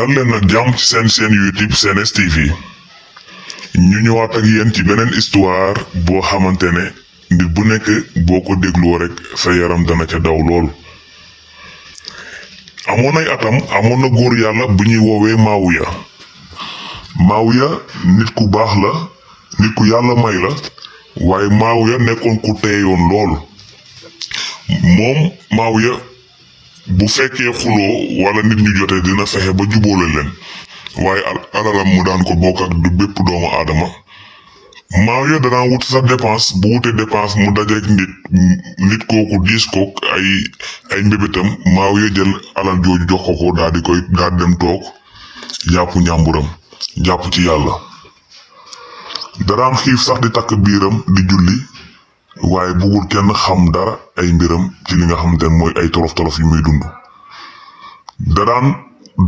dal leen nag jàmm ci seen chaîne YouTube Sen yi ñu ñëwaat ak yéen ci beneen histoire boo xamante ne mbir bu nekk boo ko dégloo rek sa yaram ca daw lool. amoon ay atam amoon na góor yàlla bu ñuy woowee Maawuya Maawuya nit ku baax la nit ku yàlla may la waaye Maawuya nekkoon ku teeyoon lool moom Maawuya bu fekkee xuloo wala nit ñu jote dina fexe ba jubóole leen waaye alalam mu daan ko bokk ak du bépp doomu aadama Mario danaa wut sa dépense bu wutee dépense mu dajeek nit nit kooku diis kook ay ay mbébétam Mario jël alal jox ko ko daal dem toog jàpp ñàmburam jàpp ci yàlla daraam xiif sax di takk biiram di julli waaye bugul kenn xam dara ay mbiram ci li nga xamante ne mooy ay tolof tolof yu muy dund da daan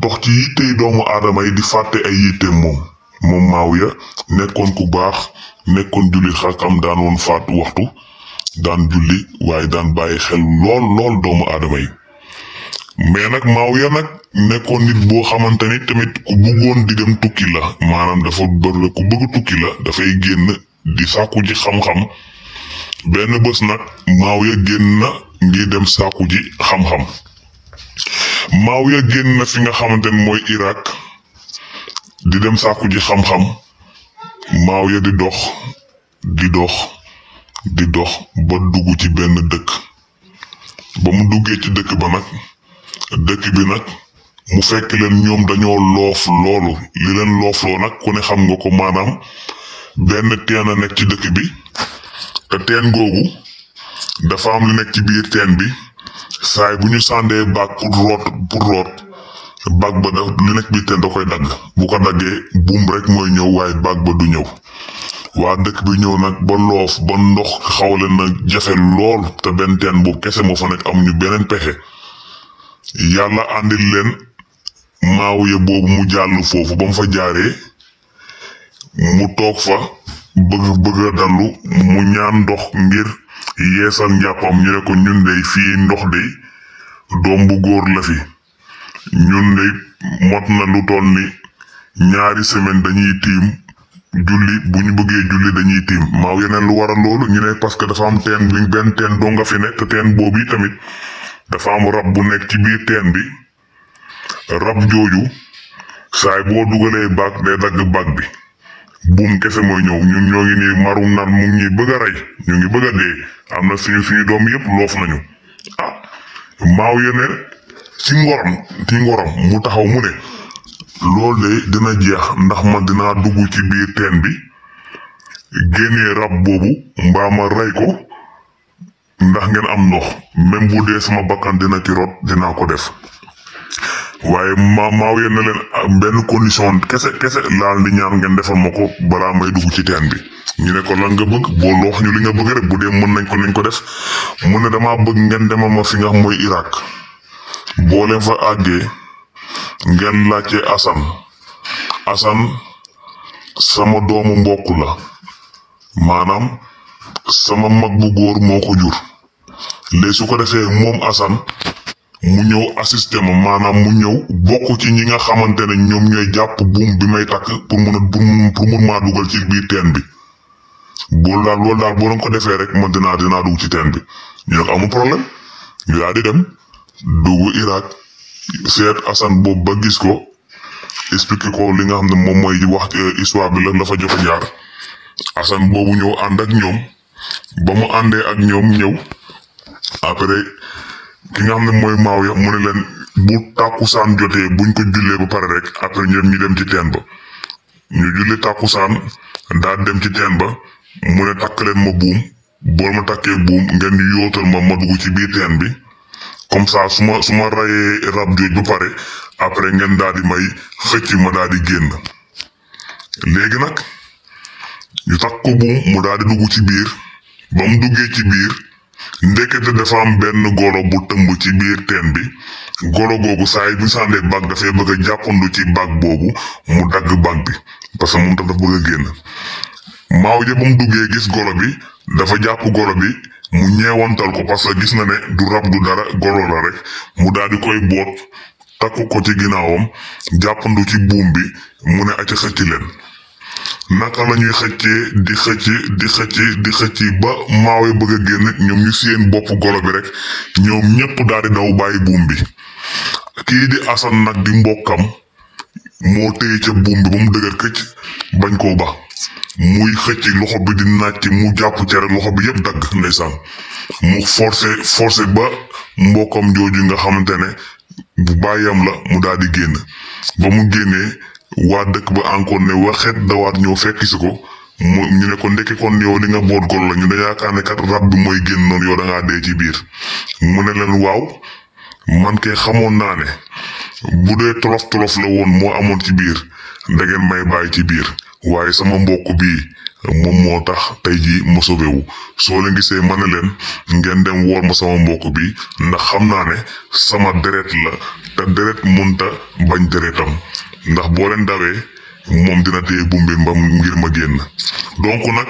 dox ci yittey doomu aadama yi di fàtte ay yitteem moom moom Maawiya nekkoon ku baax nekkoon julli xakam daan woon faat waxtu daan julli waaye daan bàyyi xel lool lool doomu aadama yi mais nag Maawiya nag nekkoon nit boo xamante ni tamit ku bëggoon di dem tukki la maanaam dafa bëri ku bëgg tukki la dafay génn di sàkku ci xam-xam benn bés nag Maawiya génn na ngir dem sàkku ji xam-xam Maawiya génn na fi nga xamante ne mooy Irak di dem sàkku ji xam-xam ya di dox di dox di dox ba dugg ci benn dëkk ba mu duggee ci dëkk ba nag dëkk bi nag mu fekk leen ñoom dañoo loof loolu li leen loofloo nag ku ne xam nga ko maanaam benn teen a nekk ci dëkk bi te teen googu dafa am lu nekk ci biir teen bi saay bu ñu sàndee baag pour root pour baag ba da lu nekk biir teen da koy dagg bu ko daggee buum rek mooy ñëw waaye baag ba du ñëw waa dëkk bi ñëw nag ba loof ba ndox xaw leen na jafe lool te benn teen boobu kese moo fa nekk amuñu beneen pexe yàlla àndil leen maawiya boobu mu jàll foofu ba fa jaaree mu toog fa bëgg bëgg a dallu mu ñaan ndox ngir yeesal njàppam ñu ne ko ñun dey fii ndox dey doom bu góor la fi ñun dey mot na lu toll ni ñaari semaine dañuy tiim julli bu ñu bëggee julli dañuy tiim maaw yeneen lu waral loolu ñu ne parce que dafa am teen bi benn teen doo nga fi ne te teen boobu yi tamit dafa am rab bu nekk ci biir teen bi rab jooju saay boo dugalee baag day dagg baag bi buum kese moy ñëw ñun ñoo ngi nii marum nan mu ngi bëgg ray ñu ngi bëgg dé amna suñu suñu doom yépp loof nañu ah maaw ya ci ngorom ci ngorom mu taxaw mu né lool dé dina jeex ndax ma dina dugg ci biir teen bi gëné rab bobu mbaama ma ko ndax ngeen am ndox même bu dé sama bakkan dina ci rot dina ko def waaye ma maaw yéen na leen ah, benn condition kese kese laal di ñaan ngeen defal ma ko balaa may dugg ci teen bi ñu ne ko lan nga bëgg boo loo wax ñu li nga bëgg rek bu dee mën nañ ko nañ ko def mu ne damaa bëgg ngeen demal ma fi nga xam mooy Irak boo leen fa àggee ngeen laajte Assane Assane sama doomu mbokk la maanaam sama mag bu góor moo ko jur léegi su ko defee moom Assane mu ñëw assisté maanaam mu ñëw bokk ci ñi nga xamante ne ñoom ñooy jàpp buum bi may takk pour mun a dugal ci biir teen bi boolu daal loolu daal boo defee rek man dinaa dinaa dugg ci teen bi ñu ne amul problème ñu di dem dugg Irak seet Assane boobu ba gis ko expliqué li nga xam ne moom mooy wax euh, histoire bi la dafa joxe jaar boobu ñëw ànd ak ba mu àndee ak ñoom ñëw ki nga xam ne mooy maaw ya mu ne leen bu tàkkusaan jotee buñ ko jullee ba pare rek après ñoom ñu dem ci teen ba ñu julli tàkkusaan daal dem ci teen ba mu ne takk leen ma buum boo ma takkee buum ngeen yóotal ma ma dugg ci biir teen bi comme ça su ma su ma rab jooj ba pare après ngeen daal di may xëcc ma daal di génn léegi nag ñu takk buum mu daal di dugg ci biir ba mu duggee ci biir ndekete dafa am benn golo bu tëmb ci biir teen bi golo googu saa yi bu sàndee bag dafay bëgg a jàppandu ci bag boobu mu dagg bag bi parce que moom tam dafa bëgg a génn maaw ja duggee gis golo bi dafa jàpp golo bi mu ñeewantal ko parce que gis na ne du rab du dara golo la rek mu daal di koy boot takku ko ci ginnaawam jàppandu ci buum bi mu ne acca xëcc leen naka la ñuy xëccee di xëcci di xëcci di xëcci ba maawe bëgg a génn ñoom ñu seen bopp golo bi rek ñoom ñépp daal di daw bàyyi buum bi kii di asan nag di mbokkam moo téye ca buum bi ba mu dëgër këcc bañ koo ba muy xëcc loxo bi di nàcc mu jàpp ca loxo bi yépp dagg ndeysaan mu forcé forcé ba mbokkam jooju nga xamante ne bu bàyyam la mu daal di génn ba mu génnee waa dëkk ba encore ne waxeet dawaat ñëw fekk ko ñu ne ko ndekki kon yow li nga boot gol la ñu ne yaakaar ne kat rab bi mooy génn noonu yow da dee ci biir mu ne leen waaw man kay xamoon naa ne bu dee tolof tolof la woon moo amoon ci biir da ngeen may bàyyi ci biir waaye sama mbokk bii moom moo tax tey jii ma sobewu soo leen gisee ma ne leen ngeen dem wool ma sama mbokk bi ndax xam naa ne sama deret la te deret munta bañ deretam ndax boo leen dawee moom dina téye bumbi mbam ngir ma génn donc nag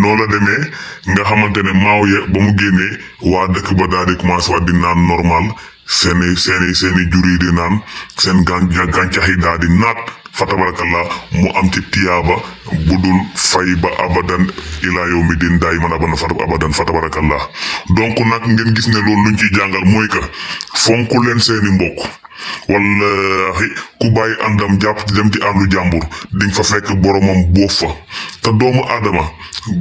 noo la demee nga xamante ne maaw ya ba mu génnee waa dëkk ba daal di commencé waat di naan normal seeni seeni seeni jur yi di naan seen gàncax yi daal di naat fatabarakallah mu am ci tiyaaba bu dul fay ba abadan ilaa yow mi din daay mën a bana fat abadan fatabarakallah donc nag ngeen gis ne loolu luñ ciy jàngal mooy que fonk leen seeni mbokk wallaahi ku bàyyi àndam jàpp ci dem ci àndu jàmbur di fa fekk boromam boo fa te doomu aadama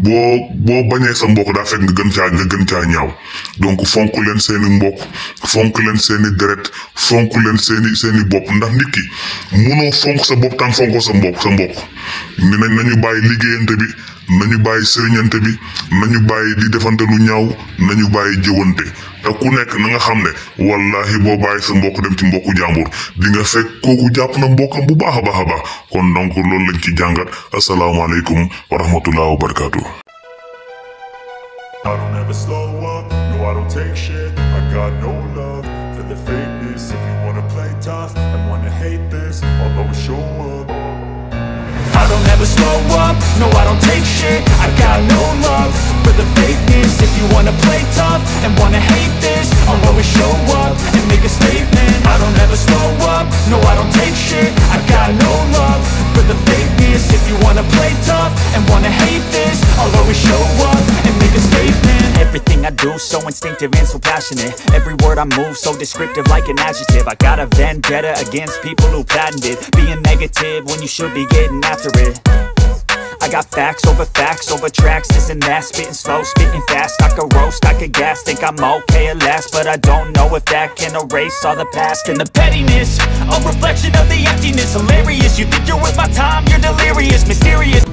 boo boo bañee sa mbokk daa fekk nga gën caa nga gën caa ñaaw donc fonk leen seeni mbokk fonk leen seeni deret fonk leen seeni seeni bopp ndax nit ki munoo fonk sa bopp tan fonko sa mbokk ni nañ nañu bàyyi liggéeyante bi nañu bàyyi serignante bi nañu di defante lu ñaaw nañu bàyyi jëwante ta ku nekk na nga xamne wallahi bo bàyyi sa mbokk dem ci mbokku jambour di nga fek koku japp na mbokam bu baaxa baaxa ba kon donc loolu lañ ci assalamu alaykum wa rahmatullahi wa barakatuh don't ever slow up, no I don't take shit I got no love for the fakeness If you wanna play tough so instinctive and so passionate Every word I move so descriptive like an adjective I got a vendetta against people who patented Being negative when you should be getting after it I got facts over facts over tracks, this and that Spitting slow, spitting fast, I could roast, I could gas Think I'm okay at last, but I don't know if that can erase all the past And the pettiness, a reflection of the emptiness Hilarious, you think you're worth my time, you're delirious, mysterious